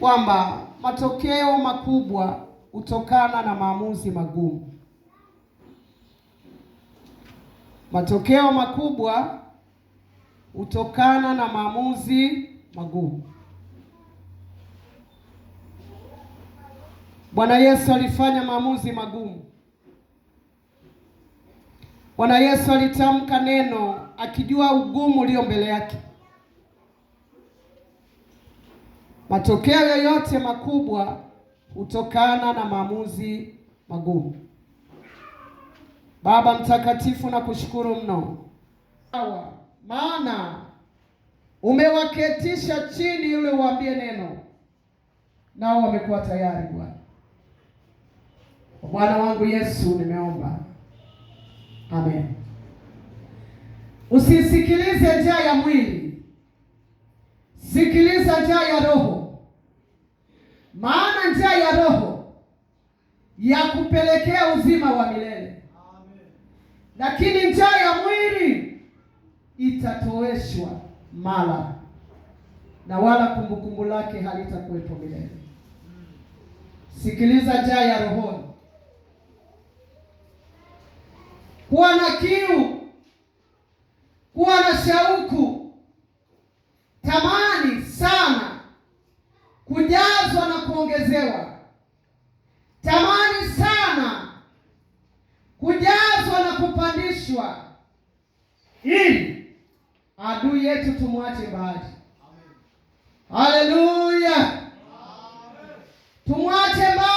kwamba matokeo makubwa hutokana na maamuzi magumu. Matokeo makubwa hutokana na maamuzi magumu. Bwana Yesu alifanya maamuzi magumu. Bwana Yesu alitamka neno akijua ugumu ulio mbele yake. Matokeo yoyote makubwa hutokana na maamuzi magumu. Baba Mtakatifu, na kushukuru mno sawa, maana umewaketisha chini yule uambie neno, nao wamekuwa tayari. Bwana Bwana wangu Yesu, nimeomba amen. Usisikilize njaa ya mwili, sikiliza njaa ya roho maana njia ya Roho ya kupelekea uzima wa milele Amen. Lakini njia ya mwili itatoweshwa mara, na wala kumbukumbu lake halitakuwepo milele. Sikiliza njia ya rohoni, kuwa na kiu, kuwa na shauku, tamani kujazwa na kuongezewa. Tamani sana kujazwa na kupandishwa, ili adui yetu tumwache mbali. Haleluya, tumwache mbali.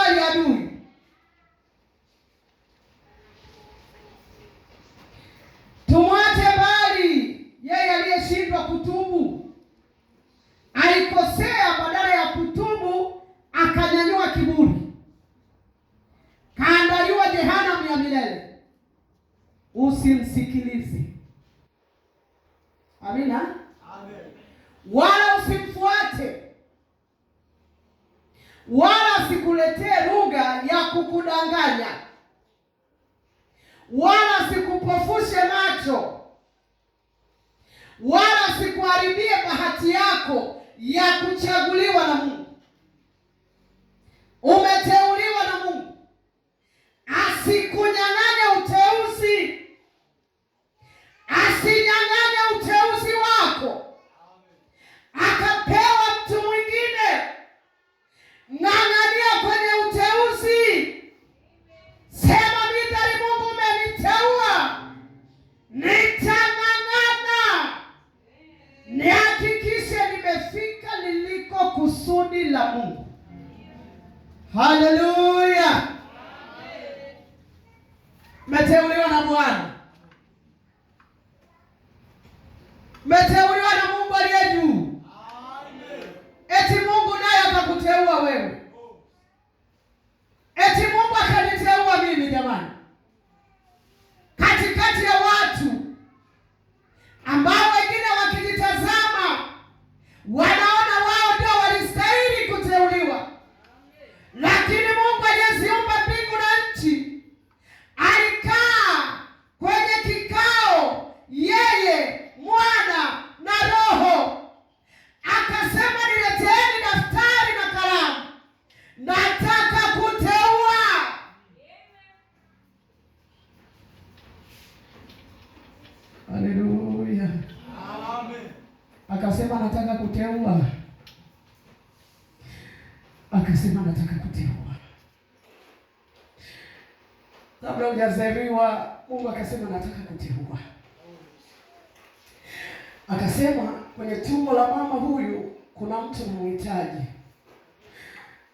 kuna mtu mhitaji.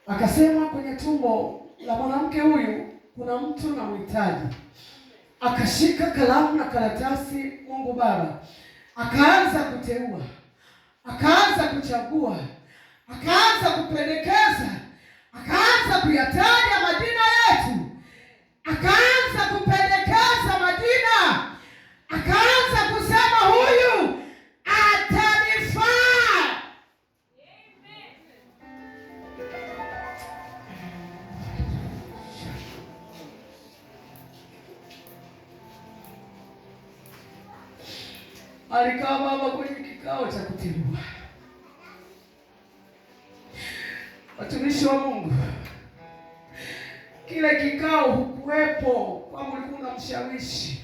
Akasema kwenye tumbo la mwanamke huyu kuna mtu na mhitaji. Akashika kalamu na karatasi, Mungu Baba, akaanza kuteua, akaanza kuchagua, akaanza kupendekeza, akaanza kuyataja majina yetu, akaanza kupendekeza majina, akaanza alikaa baba kwenye kikao cha kutimua Watumishi wa Mungu, kile kikao hukuwepo, kwamba ulikuwa unamshawishi,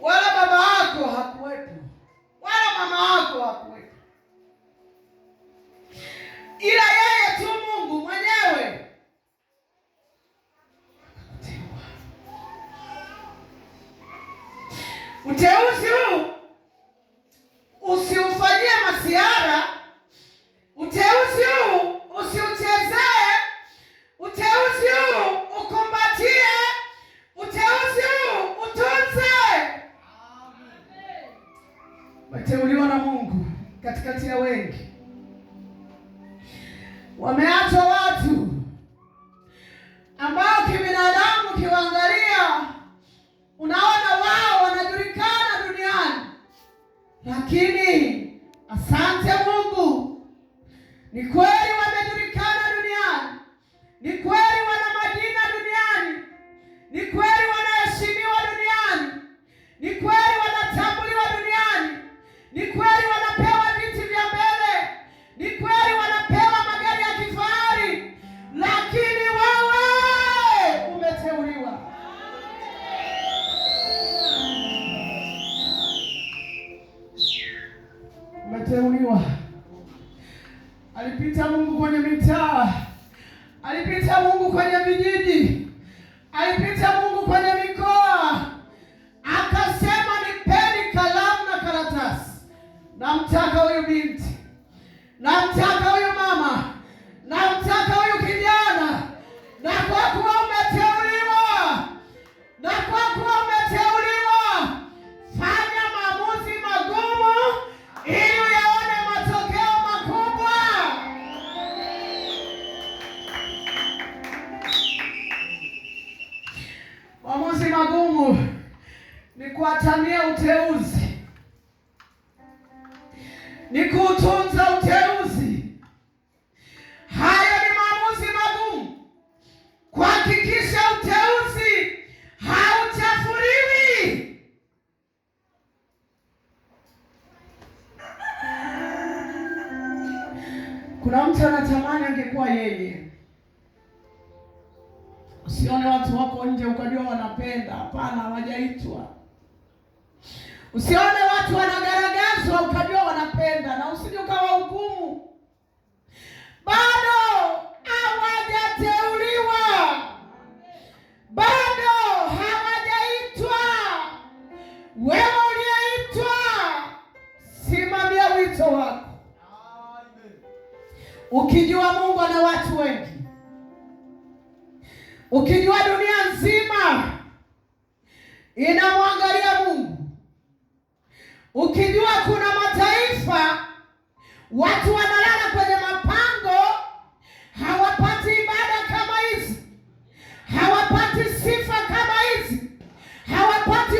wala baba yako hakuwepo, wala mama yako hakuwepo, ila yeye Uteuzi huu usiufanyie masiara. Uteuzi huu usiuchezee. Uteuzi huu ukumbatie. Uteuzi huu utunze. Wateuliwa na Mungu katikati ya wengi wameachwa watu ambao kibinadamu kiwangalia lakini asante Mungu ni kweli Hapana, hawajaitwa. Usione watu wanagaragazwa ukajua wanapenda, na usije ukawa ugumu. Bado hawajateuliwa, bado hawajaitwa. Wewe uliyeitwa, simamia wito wako, ukijua Mungu ana watu wengi, ukijua dunia nzima inamwangalia Mungu. Ukijua kuna mataifa watu wanalala kwenye mapango, hawapati ibada kama hizi, hawapati sifa kama hizi, hawapati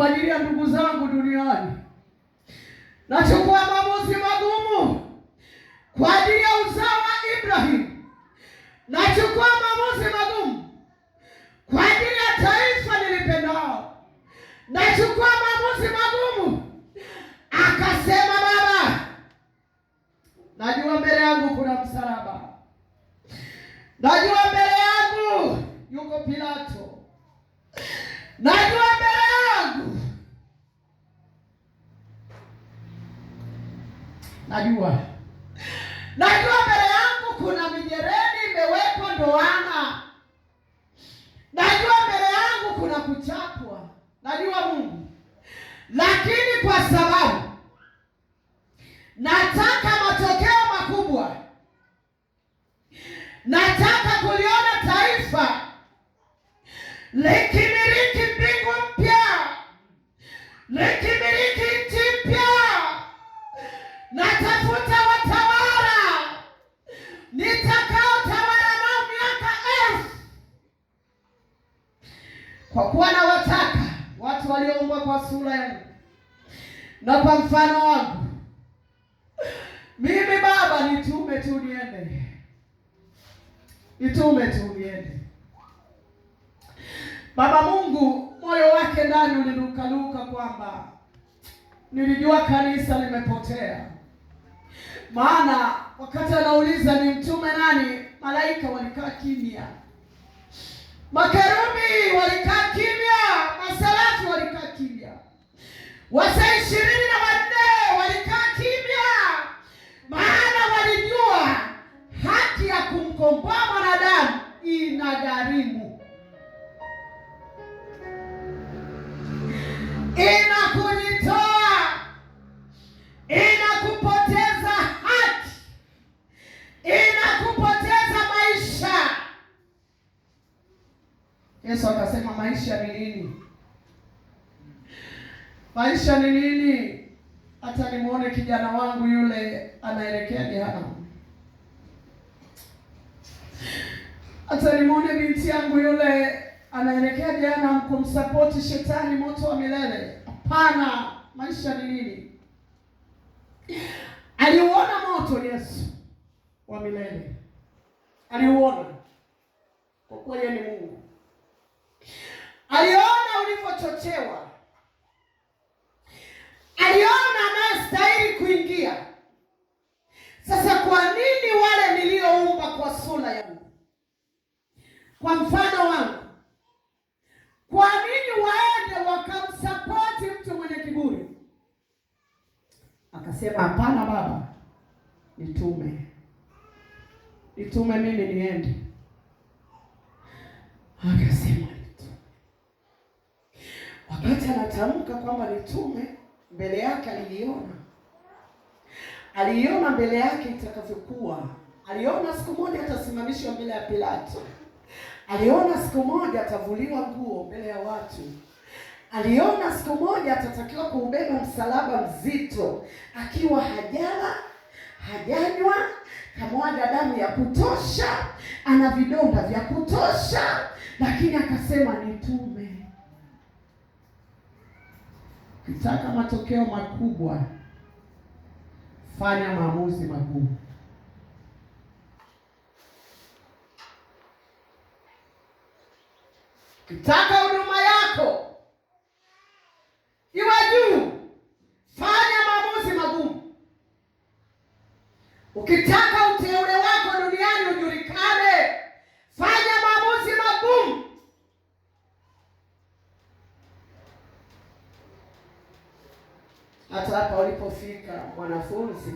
kwa ajili ya ndugu zangu duniani. Nachukua maamuzi magumu kwa ajili ya uzao wa Ibrahim. Nachukua maamuzi magumu kwa ajili ya taifa nilipendao. Nachukua maamuzi magumu. Akasema, Baba, najua mbele yangu kuna msalaba, najua mbele yangu yuko Pilato, najua najua najua mbele yangu kuna mijeredi imewekwa ndoana, najua mbele yangu kuna kuchapwa, najua Mungu, lakini kwa sababu nataka matokeo makubwa, nataka kuliona taifa Lek kwa kuwa nawataka watu walioumbwa kwa sura yangu na kwa mfano wangu, mimi Baba, nitume tu niende, nitume tu niende. Baba Mungu, moyo wake ndani ulinukanuka kwamba nilijua kanisa limepotea, maana wakati anauliza ni mtume nani, malaika walikaa kimya. Makerubi walikaa kimya, masalafi walikaa kimya, wasa ishirini na wanne walikaa kimya, maana walijua haki ya kumkomboa mwanadamu inagharimu, inakuja Yesu akasema maisha ni nini? Maisha ni nini? Hata nimuone kijana wangu yule anaelekea jehanamu, hata nimuone binti yangu yule anaelekea jehanamu, kumsapoti shetani, moto wa milele. Hapana, maisha ni nini? Aliuona moto Yesu wa milele, aliuona kwa kweli, ni Mungu aliona ulivyochochewa, aliona anayestahili kuingia. Sasa kwa nini wale nilioumba kwa sura yangu, kwa mfano wangu, kwa nini waende wakamsapoti mtu mwenye kiburi? Akasema, hapana Baba, nitume nitume mimi niende. Akasema anatamka kwamba ni tume, mbele yake aliliona, aliiona mbele yake itakavyokuwa. Aliona siku moja atasimamishwa mbele ya Pilato, aliona siku moja atavuliwa nguo mbele ya watu aliona siku moja atatakiwa kuubeba msalaba mzito akiwa hajala hajanywa, kamwaga damu ya kutosha, ana vidonda vya kutosha, lakini akasema nitume. Ukitaka matokeo makubwa, fanya maamuzi magumu. Ukitaka huduma yako iwe juu, fanya maamuzi magumu. Ukitaka wahusika wanafunzi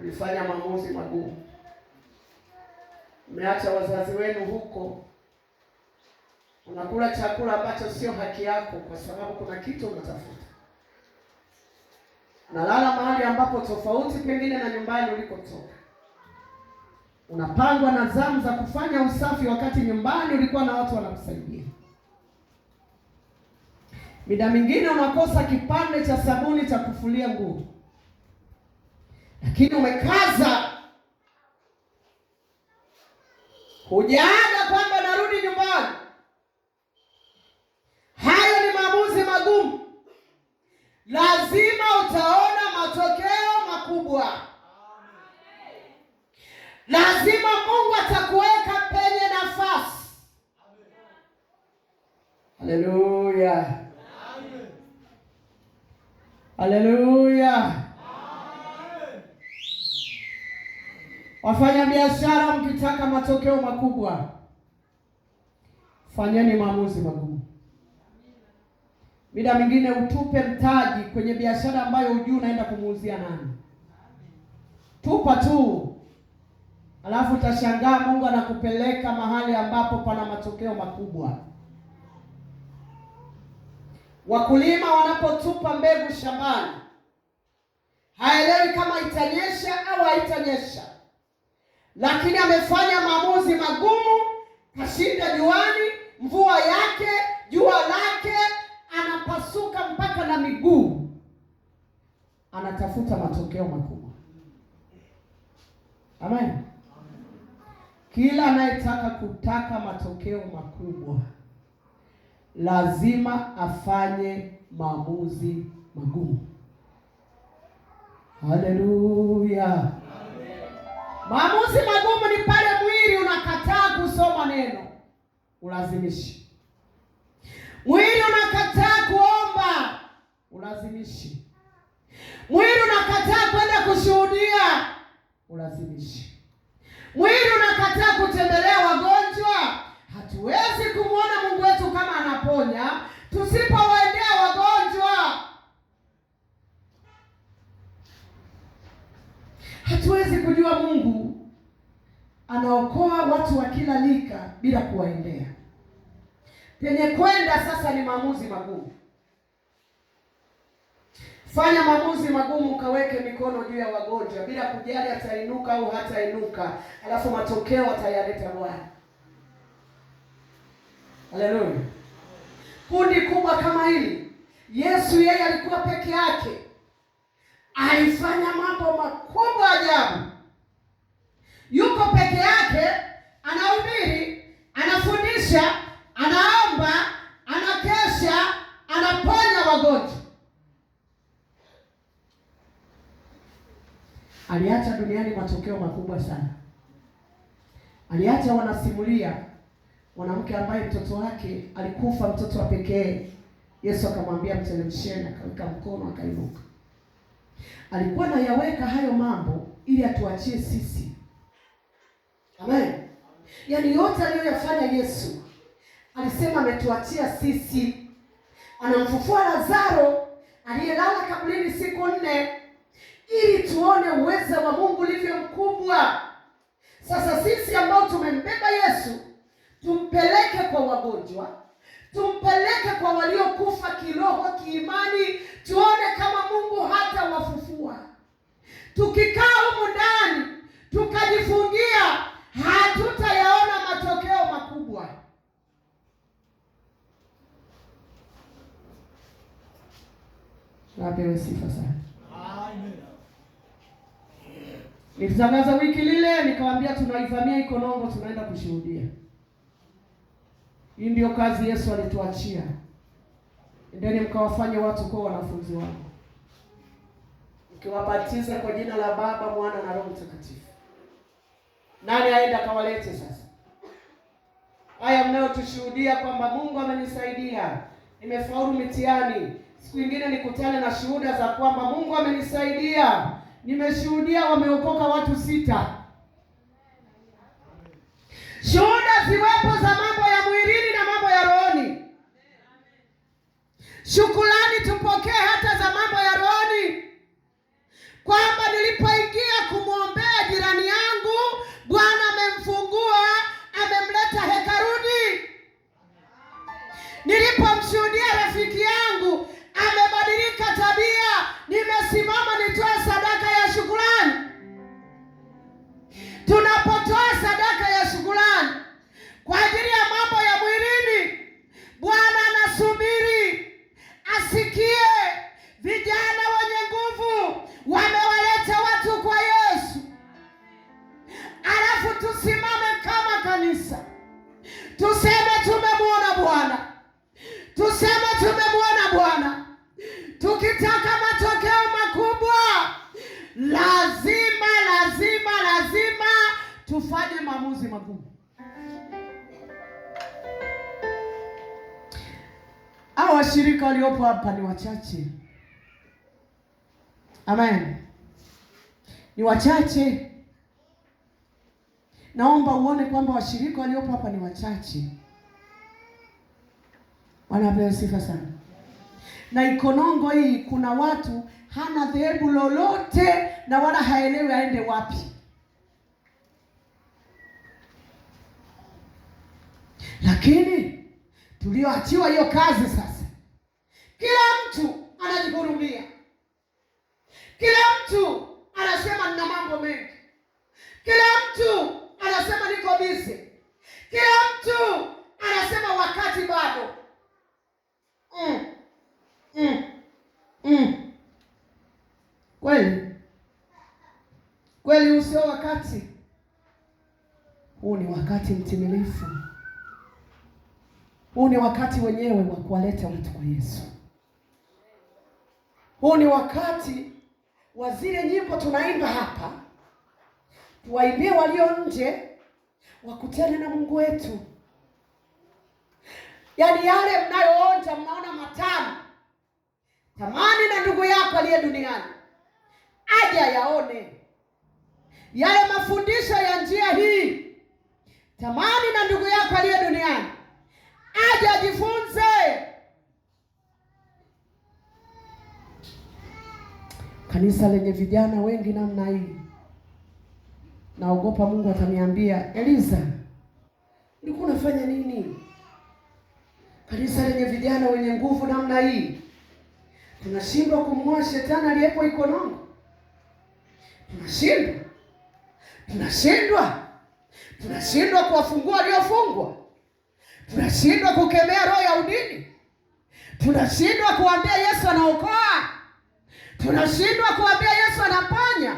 ulifanya maamuzi magumu. Mmeacha wazazi wenu huko, unakula chakula ambacho sio haki yako, kwa sababu kuna kitu unatafuta. Unalala mahali ambapo tofauti pengine na nyumbani ulikotoka. Unapangwa na zamu za kufanya usafi, wakati nyumbani ulikuwa na watu wanakusaidia. Mida mingine unakosa kipande cha sabuni cha kufulia nguo, lakini umekaza, hujaaga kwamba narudi nyumbani. Hayo ni maamuzi magumu, lazima utaona matokeo makubwa. Lazima Mungu atakuweka penye nafasi. Haleluya! Haleluya! Wafanya biashara, mkitaka matokeo makubwa, fanyeni maamuzi magumu. Mida mingine utupe mtaji kwenye biashara ambayo hujui unaenda kumuuzia nani. Tupa tu, alafu utashangaa Mungu anakupeleka mahali ambapo pana matokeo makubwa. Wakulima wanapotupa mbegu shambani, haelewi kama itanyesha au haitanyesha, lakini amefanya maamuzi magumu, kashinda juani, mvua yake, jua lake, anapasuka mpaka na miguu, anatafuta matokeo makubwa. Amen. Kila anayetaka kutaka matokeo makubwa lazima afanye maamuzi magumu. Haleluya, Maamuzi magumu ni pale mwili unakataa kusoma neno ulazimishi, mwili unakataa kuomba ulazimishi, mwili unakataa kwenda kushuhudia ulazimishi, mwili unakataa kutembelea wagonjwa, hatuwezi kumwona kama anaponya, tusipowaendea wagonjwa hatuwezi kujua Mungu anaokoa watu wa kila lika bila kuwaendea. Penye kwenda sasa ni maamuzi magumu. Fanya maamuzi magumu, ukaweke mikono juu ya wagonjwa bila kujali atainuka au hatainuka, alafu matokeo atayaleta Bwana. Haleluya kundi kubwa kama hili, Yesu yeye alikuwa peke yake, alifanya mambo makubwa ajabu. Yuko peke yake, anahubiri, anafundisha, anaomba, anakesha, anaponya wagonjwa. Aliacha duniani matokeo makubwa sana, aliacha wanasimulia mwanamke ambaye mtoto wake alikufa, mtoto wa pekee. Yesu akamwambia mteremsheni, akaweka mkono akainuka. Alikuwa anayaweka hayo mambo ili atuachie sisi. Amen. Yaani yote aliyoyafanya Yesu alisema ametuachia sisi. Anamfufua Lazaro aliyelala kaburini siku nne ili tuone uweza wa Mungu ulivyo mkubwa. Sasa sisi ambao tumembeba Yesu tumpeleke kwa wagonjwa, tumpeleke kwa waliokufa kiroho, kiimani, tuone kama Mungu hata wafufua. Tukikaa humu ndani tukajifungia, hatutayaona matokeo makubwa. Apewe sifa sana. Nilitangaza wiki lile, nikawambia tunaivamia Ikonongo, tunaenda kushuhudia hii ndio kazi Yesu alituachia, endeni mkawafanye watu kuwa wanafunzi wangu mkiwabatiza kwa jina la Baba, Mwana na Roho Mtakatifu. Nani aenda kawalete sasa haya mnayotushuhudia kwamba Mungu amenisaidia, nimefaulu mitihani. Siku ingine nikutane na shuhuda za kwamba Mungu amenisaidia, nimeshuhudia wameokoka watu sita. Shuhuda ziwepo za shukurani tupokee hata za mambo ya rohoni, kwamba nilipoingia kumwombea jirani yangu Bwana amemfungua, amemleta hekaruni. Nilipomshuhudia rafiki yangu amebadilika tabia, nimesimama nitoe sadaka ya shukurani Tunapotoa sadaka ya shukurani kwa ajili waliopo hapa ni wachache. Amen, ni wachache. Naomba uone kwamba washirika waliopo hapa ni wachache. Wanapewa sifa sana na Ikonongo hii kuna watu hana dhehebu lolote na wala haelewi aende wapi, lakini tulioachiwa hiyo kazi sasa kila mtu anajihurumia, kila mtu anasema nina mambo mengi, kila mtu anasema niko busy, kila mtu anasema wakati bado. mm. mm. mm. Kweli kweli, usio wakati huu ni wakati mtimilifu. Huu ni wakati wenyewe wa kuwaleta watu kwa Yesu. Huu ni wakati wa zile nyimbo tunaimba hapa, tuwaimbie walio nje wakutane na Mungu wetu. Yaani yale mnayoonja mnaona matamu, tamani na ndugu yako aliye duniani aje yaone yale mafundisho ya njia hii, tamani na ndugu yako aliye duniani aje ajifunze. kanisa lenye vijana wengi namna hii, naogopa Mungu ataniambia Eliza, ulikuwa unafanya nini? Kanisa lenye vijana wenye nguvu namna hii, tunashindwa kumng'oa shetani aliyepo ikonongo, tunashindwa tunashindwa tunashindwa kuwafungua waliofungwa, tunashindwa kukemea roho ya udini, tunashindwa kuambia Yesu anaokoa. Tunashindwa kuambia Yesu anaponya,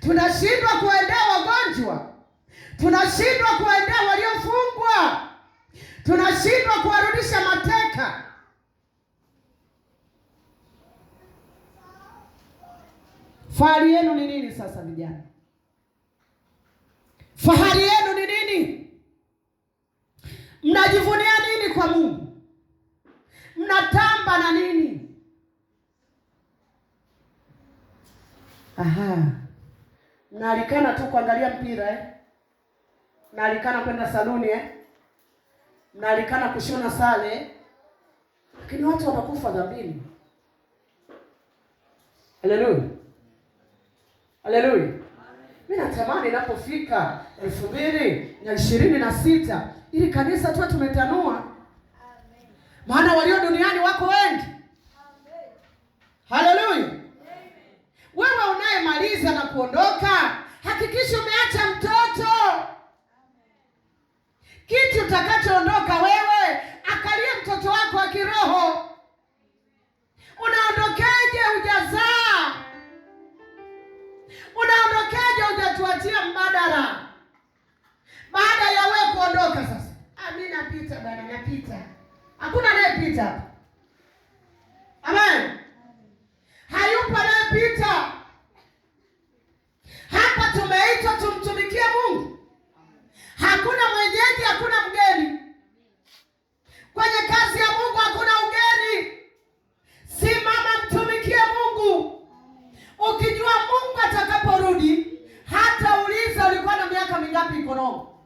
tunashindwa kuendea wagonjwa, tunashindwa kuendea waliofungwa, tunashindwa kuwarudisha mateka. Fahari yenu ni nini sasa, vijana? Fahari yenu ni nini? Mnajivunia nini kwa Mungu? Mnatamba na nini? Aha. Naalikana tu kuangalia mpira eh? Naalikana kwenda saluni eh? Naalikana kushona sare eh. Lakini watu watakufa dhambini. Haleluya. Haleluya. Mimi natamani inapofika elfu mbili na ishirini na sita ili kanisa tuwe tumetanua, maana walio duniani wako wengi. Haleluya. Wewe unayemaliza na kuondoka, hakikisha umeacha mtoto. Kitu utakachoondoka wewe, akalie mtoto wako wa kiroho. Unaondokeje hujazaa? Unaondokeje hujatuachia mbadala? Baada ya wewe kuondoka sasa, ah, mimi napita bana, napita. Hakuna anayepita. Amen hayupo anayepita. Hapa tumeitwa tumtumikie Mungu, hakuna mwenyeji, hakuna mgeni kwenye kazi ya Mungu, hakuna ugeni. Simama, mtumikie Mungu ukijua Mungu atakaporudi hata uliza ulikuwa na miaka mingapi Ikonongo,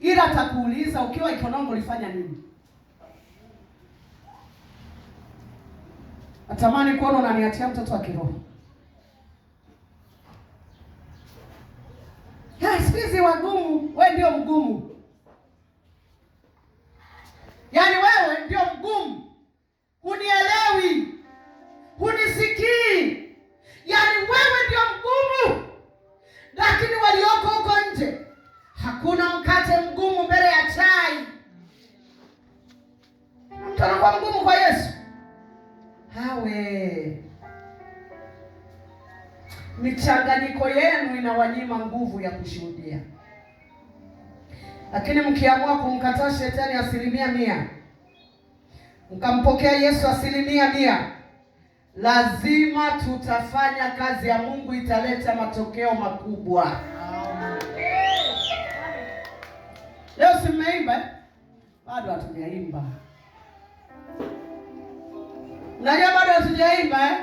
ila atakuuliza ukiwa Ikonongo ulifanya nini. Natamani kuona unaniachia mtoto wa kiroho. Siku hizi wagumu, we ndio mgumu, yaani wewe ndio mgumu, hunielewi, hunisikii, yaani wewe ndio mgumu. Lakini walioko huko nje, hakuna mkate mgumu mbele ya chai. Mtu anakuwa mgumu kwa Yesu hawe. Michanganyiko yenu inawanyima nguvu ya kushuhudia, lakini mkiamua kumkataa shetani asilimia mia, mkampokea Yesu asilimia mia, lazima tutafanya kazi ya Mungu, italeta matokeo makubwa. Leo si mmeimba bado? Hatujaimba. Unajua bado hatujaimba eh?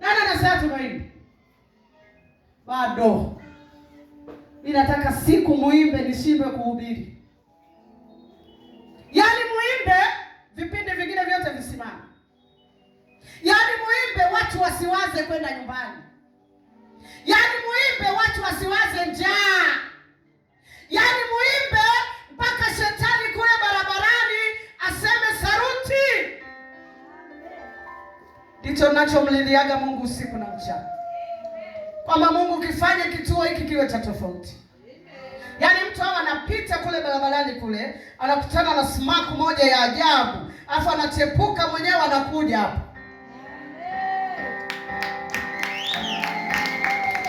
Nani anasema tunaimba? Bado. Mimi nataka siku muimbe nishindwe kuhubiri. Yaani muimbe vipindi vingine vyote visimame. Yaani muimbe watu wasiwaze kwenda nyumbani. Yaani muimbe watu wasiwaze njaa. Yaani muimbe ndicho nachomliliaga Mungu usiku na mchana, kwamba Mungu kifanye kituo hiki kiwe cha tofauti. Yaani mtu hao anapita kule barabarani kule anakutana na smaku moja ya ajabu, alafu anachepuka mwenyewe anakuja hapa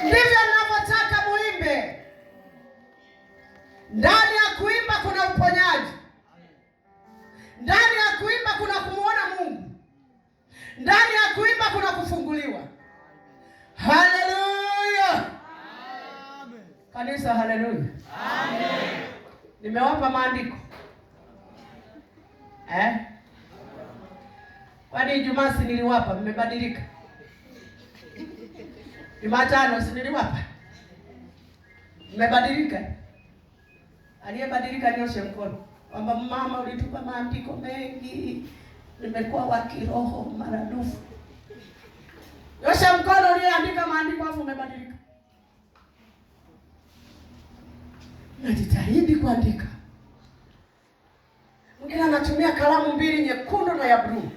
ndivyo Kanisa, haleluya, amen. Nimewapa maandiko eh? Kwani Ijumaa si niliwapa? Mmebadilika? Jumatano si niliwapa? Mmebadilika? Aliyebadilika nioshe mkono kwamba mama, ulitupa maandiko mengi, nimekuwa wa kiroho maradufu. Yosha mkono uliyeandika maandiko afu umebadilika. najitahidi kuandika. Mwingine anatumia kalamu mbili, nyekundu na ya bluu,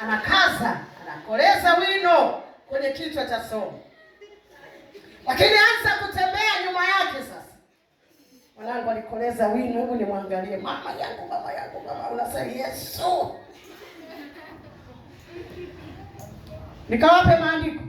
anakaza, anakoleza wino kwenye kichwa cha somo, lakini anza kutembea nyuma yake. Sasa mwanangu alikoleza wino, hebu nimwangalie. Mama yangu, mama yangu, mama unasema Yesu. Nikawape maandiko.